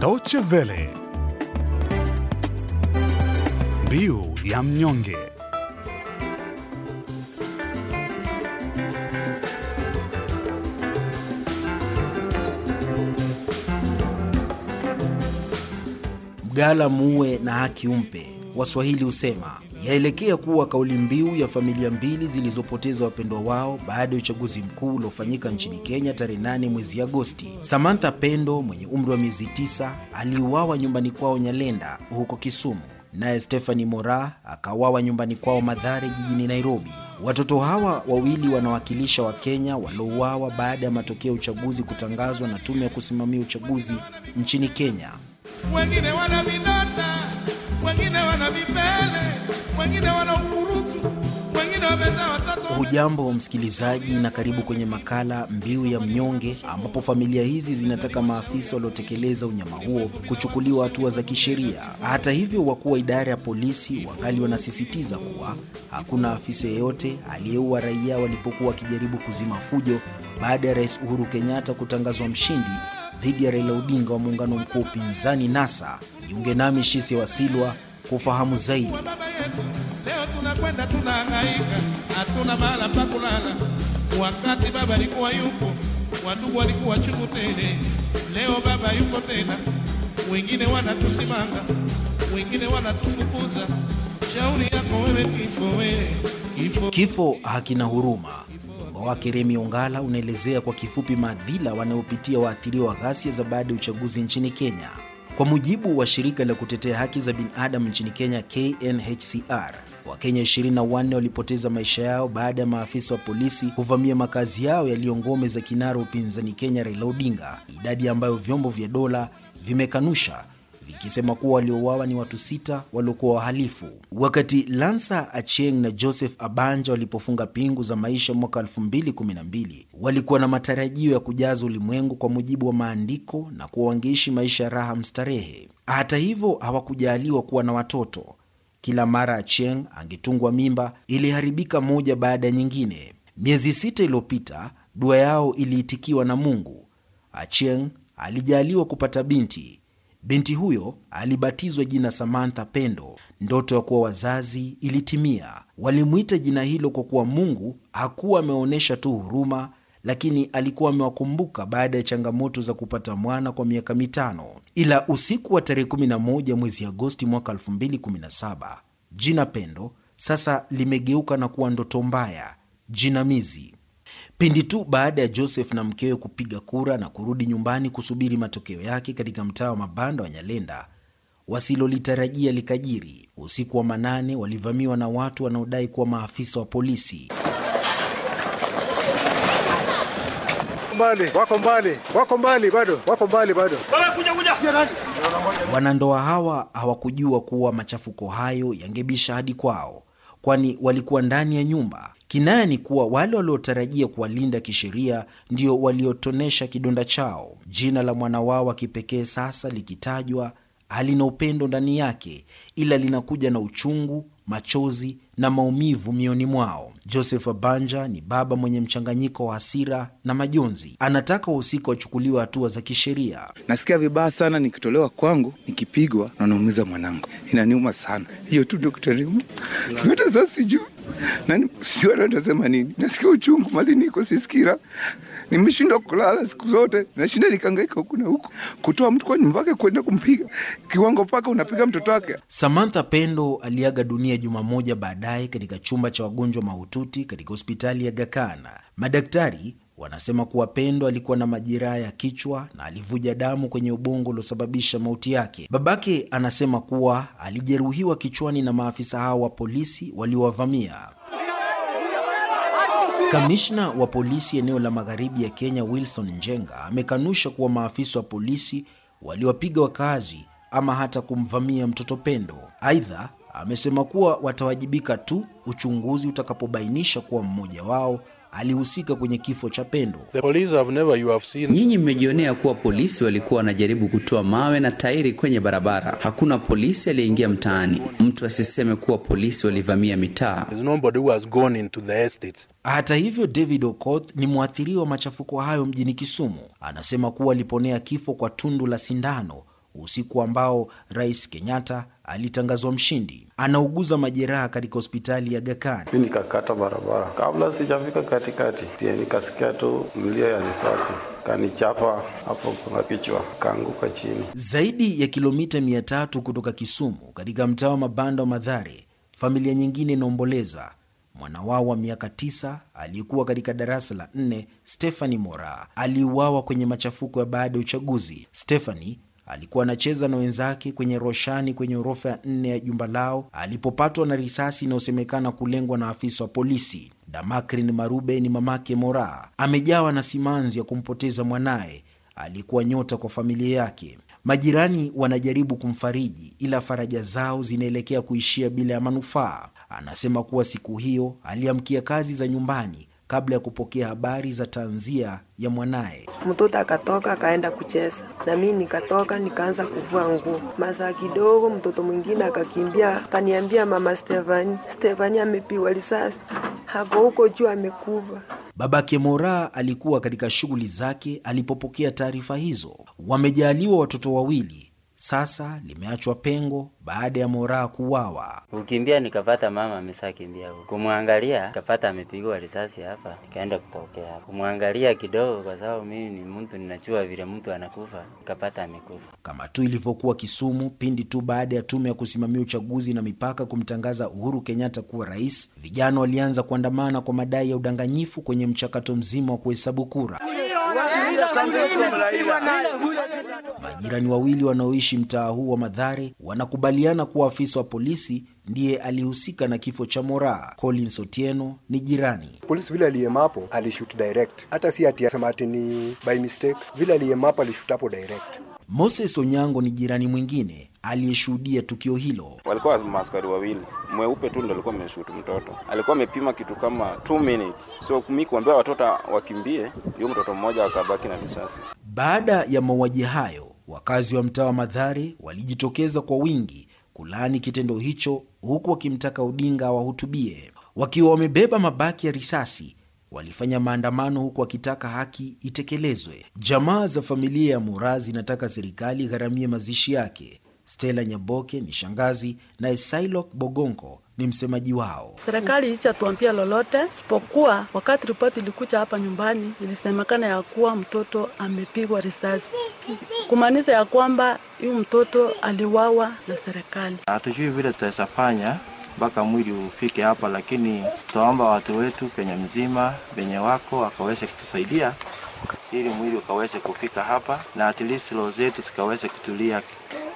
Deutsche Welle. Mbiu ya mnyonge. Mgala muue na haki umpe, Waswahili husema yaelekea kuwa kauli mbiu ya familia mbili zilizopoteza wapendwa wao baada ya uchaguzi mkuu uliofanyika nchini Kenya tarehe 8 mwezi Agosti. Samantha Pendo mwenye umri wa miezi tisa aliuawa nyumbani kwao Nyalenda huko Kisumu, naye Stephanie Mora akauawa nyumbani kwao Madhare jijini Nairobi. Watoto hawa wawili wanawakilisha Wakenya waliouawa baada ya matokeo ya uchaguzi kutangazwa na tume ya kusimamia uchaguzi nchini Kenya. Wengine wana vidonda wengine wana vipele, wengine wana ukurutu, wengine wamezaa watoto. Hujambo msikilizaji, na karibu kwenye makala Mbiu ya Mnyonge, ambapo familia hizi zinataka maafisa waliotekeleza unyama huo kuchukuliwa hatua za kisheria. Hata hivyo, wakuu wa idara ya polisi wangali wanasisitiza kuwa hakuna afisa yeyote aliyeua raia walipokuwa wakijaribu kuzima fujo baada ya Rais Uhuru Kenyatta kutangazwa mshindi dhidi ya Raila Odinga wa muungano mkuu upinzani NASA. Jiunge nami Shisi Wasilwa kufahamu zaidi. Leo tunakwenda tunahangaika, hatuna mahala pa kulala. Wakati baba alikuwa yupo, wadugu walikuwa chungu tele. Leo baba yuko tena, wengine wanatusimanga, wengine wanatufukuza. Shauri yako wewe, kifo wewe, kifo. Kifo hakina huruma wake Remi Ongala unaelezea kwa kifupi madhila wanaopitia waathiriwa wa ghasia za baada ya uchaguzi nchini Kenya. Kwa mujibu wa shirika la kutetea haki za binadamu nchini Kenya, KNHCR, Wakenya 24 walipoteza maisha yao baada ya maafisa wa polisi kuvamia makazi yao yaliyo ngome za kinara upinzani Kenya Raila Odinga, idadi ambayo vyombo vya dola vimekanusha vikisema kuwa waliouawa ni watu sita waliokuwa wahalifu. Wakati Lansa Achieng na Joseph Abanja walipofunga pingu za maisha mwaka 2012 walikuwa na matarajio ya kujaza ulimwengu kwa mujibu wa maandiko na kuwa wangeishi maisha ya raha mstarehe. Hata hivyo, hawakujaaliwa kuwa na watoto. Kila mara Achieng angetungwa mimba, iliharibika moja baada ya nyingine. Miezi sita iliyopita dua yao iliitikiwa na Mungu. Achieng alijaaliwa kupata binti. Binti huyo alibatizwa jina Samantha Pendo. Ndoto ya kuwa wazazi ilitimia. Walimwita jina hilo kwa kuwa Mungu hakuwa ameonyesha tu huruma, lakini alikuwa amewakumbuka baada ya changamoto za kupata mwana kwa miaka mitano. Ila usiku wa tarehe 11 mwezi Agosti mwaka 2017 jina Pendo sasa limegeuka na kuwa ndoto mbaya, jinamizi. Pindi tu baada ya Joseph na mkewe kupiga kura na kurudi nyumbani kusubiri matokeo yake katika mtaa wa mabanda wa Nyalenda, wasilolitarajia likajiri. Usiku wa manane walivamiwa na watu wanaodai kuwa maafisa wa polisi. Mbali, wako mbali, wako mbali bado, wako mbali bado. Wanandoa hawa hawakujua kuwa machafuko hayo yangebisha hadi kwao kwani walikuwa ndani ya nyumba. Kinaya ni kuwa wale waliotarajia kuwalinda kisheria ndio waliotonesha kidonda chao. Jina la mwana wao wa kipekee sasa likitajwa, halina upendo ndani yake, ila linakuja na uchungu, machozi na maumivu mioni mwao. Joseph Banja ni baba mwenye mchanganyiko wa hasira na majonzi. Anataka wahusika wachukuliwe hatua za kisheria. Nasikia vibaya sana nikitolewa kwangu, nikipigwa nanaumiza naumiza mwanangu, inaniuma sana. Hiyo tu ndio kutaniuma yote, sasa sijui na sio atasema nini. Nasikia uchungu mali niko sisikira, nimeshindwa kulala siku zote, nashinda nikangaika huku na huku, kutoa mtu kwa nyumba yake kwenda kumpiga kiwango paka unapiga mtoto wake. Samantha Pendo aliaga dunia juma moja baadaye katika chumba cha wagonjwa mahututi katika hospitali ya Gakana. Madaktari Wanasema kuwa Pendo alikuwa na majeraha ya kichwa na alivuja damu kwenye ubongo uliosababisha mauti yake. Babake anasema kuwa alijeruhiwa kichwani na maafisa hao wa polisi waliowavamia. Kamishna wa polisi eneo la magharibi ya Kenya, Wilson Njenga, amekanusha kuwa maafisa wa polisi waliwapiga wakazi ama hata kumvamia mtoto Pendo. Aidha, amesema kuwa watawajibika tu uchunguzi utakapobainisha kuwa mmoja wao alihusika kwenye kifo cha Pendo. Nyinyi mmejionea kuwa polisi walikuwa wanajaribu kutoa mawe na tairi kwenye barabara. Hakuna polisi aliyeingia mtaani, mtu asiseme kuwa polisi walivamia mitaa. Hata hivyo, David Okoth ni mwathiriwa wa machafuko hayo mjini Kisumu, anasema kuwa aliponea kifo kwa tundu la sindano usiku ambao Rais Kenyatta alitangazwa mshindi. Anauguza majeraha katika hospitali ya Gakani. Mi nikakata barabara, kabla sijafika katikati, ndiye nikasikia tu mlio ya risasi kanichapa hapo kuna kichwa kaanguka chini. Zaidi ya kilomita mia tatu kutoka Kisumu, katika mtaa wa mabanda wa Madhare, familia nyingine inaomboleza mwana wao wa miaka tisa aliyekuwa katika darasa la nne Stephanie Mora aliuawa kwenye machafuko ya baada ya uchaguzi. Stephanie alikuwa anacheza na wenzake kwenye roshani kwenye orofa ya nne ya jumba lao alipopatwa na risasi inayosemekana kulengwa na afisa wa polisi. Damakrin Marube ni mamake Mora, amejawa na simanzi ya kumpoteza mwanaye alikuwa nyota kwa familia yake. Majirani wanajaribu kumfariji, ila faraja zao zinaelekea kuishia bila ya manufaa. Anasema kuwa siku hiyo aliamkia kazi za nyumbani kabla ya kupokea habari za tanzia ya mwanaye. Mtoto akatoka akaenda kucheza, na mimi nikatoka nikaanza kuvua nguo. Masaa kidogo, mtoto mwingine akakimbia akaniambia, mama Stefani, Stefani amepiwa risasi, hako huko juu amekuva Baba Kemora alikuwa katika shughuli zake alipopokea taarifa hizo. Wamejaliwa watoto wawili sasa limeachwa pengo baada ya Moraa kuwawa. Ukimbia nikapata mama amesakimbia huko, kumwangalia kapata amepigwa risasi hapa, nikaenda kutokea kumwangalia kidogo, kwa sababu mimi ni mtu ninachua vile mtu anakufa, nikapata amekufa. Kama tu ilivyokuwa Kisumu, pindi tu baada ya tume ya kusimamia uchaguzi na mipaka kumtangaza Uhuru Kenyatta kuwa rais, vijana walianza kuandamana kwa madai ya udanganyifu kwenye mchakato mzima wa kuhesabu kura. Majirani wawili wanaoishi mtaa huu wa Madhare wanakubaliana kuwa afisa wa polisi ndiye alihusika na kifo cha Moraa. Collins Otieno ni jirani. Polisi vile aliyemapo alishut direct, hata si ati asema ati ni by mistake. Vile aliyemapo alishoot hapo direct. Moses Onyango ni jirani mwingine aliyeshuhudia tukio hilo. Walikuwa maskari wawili, mweupe tu ndo alikuwa ameshutu mtoto, alikuwa amepima kitu kama 2 minutes, so mi kuambia watoto wakimbie, huyo mtoto mmoja akabaki na risasi. Baada ya mauaji hayo Wakazi wa mtaa wa madhare walijitokeza kwa wingi kulaani kitendo hicho, huku wakimtaka Odinga awahutubie. Wakiwa wamebeba mabaki ya risasi, walifanya maandamano huku wakitaka haki itekelezwe. Jamaa za familia ya Murazi zinataka serikali gharamie mazishi yake. Stella Nyaboke ni shangazi na Silok Bogongo ni msemaji wao. Serikali ichatuambia lolote sipokuwa wakati ripoti ilikucha hapa nyumbani, ilisemekana ya kuwa mtoto amepigwa risasi, kumaanisha ya kwamba huyu mtoto aliwawa na serikali. Hatujui vile tutawezafanya mpaka mwili ufike hapa, lakini tutaomba watu wetu kenye mzima venye wako wakaweze kutusaidia ili mwili ukaweze kufika hapa na at least roho zetu zikaweze kutulia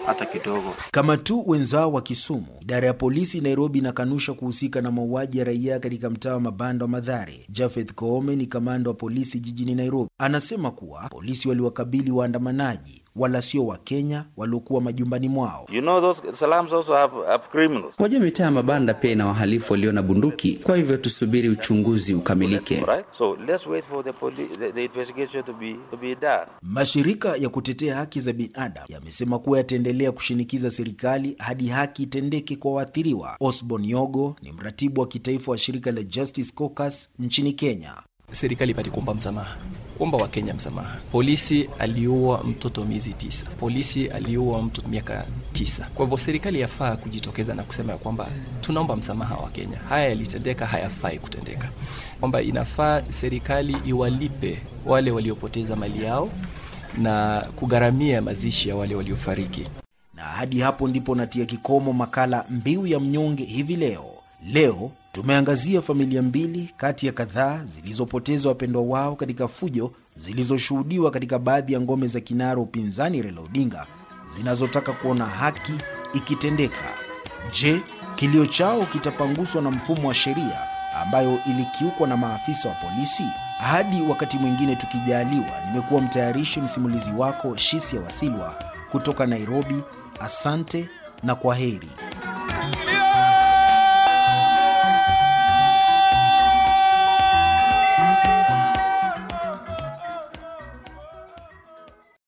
hata kidogo. Kama tu wenzao wa Kisumu, idara ya polisi Nairobi inakanusha kuhusika na mauaji ya raia katika mtaa wa mabanda wa Madhare. Jafeth Koome ni kamanda wa polisi jijini Nairobi, anasema kuwa polisi waliwakabili waandamanaji wala sio Wakenya waliokuwa majumbani mwao. You know those slums also have, have criminals. Moja mitaa ya mabanda pia ina wahalifu walio na bunduki, kwa hivyo tusubiri uchunguzi ukamilike. Mashirika ya kutetea haki za binadamu yamesema kuwa yataendelea kushinikiza serikali hadi haki itendeke kwa waathiriwa. Osborn Yogo ni mratibu wa kitaifa wa shirika la Justice Caucus nchini Kenya. Serikali ipate kuomba msamaha kuomba Wakenya msamaha. Polisi aliua mtoto miezi tisa, polisi aliua mtoto miaka tisa. Kwa hivyo serikali yafaa kujitokeza na kusema ya kwamba tunaomba msamaha wa Kenya, haya yalitendeka, hayafai kutendeka, kwamba inafaa serikali iwalipe wale waliopoteza mali yao na kugharamia mazishi ya wale waliofariki. Na hadi hapo ndipo natia kikomo makala Mbiu ya Mnyonge hivi leo leo Tumeangazia familia mbili kati ya kadhaa zilizopoteza wapendwa wao katika fujo zilizoshuhudiwa katika baadhi ya ngome za kinara upinzani Raila Odinga zinazotaka kuona haki ikitendeka. Je, kilio chao kitapanguswa na mfumo wa sheria ambayo ilikiukwa na maafisa wa polisi? Hadi wakati mwingine tukijaliwa, nimekuwa mtayarishi msimulizi wako Shisia Wasilwa kutoka Nairobi. Asante na kwa heri.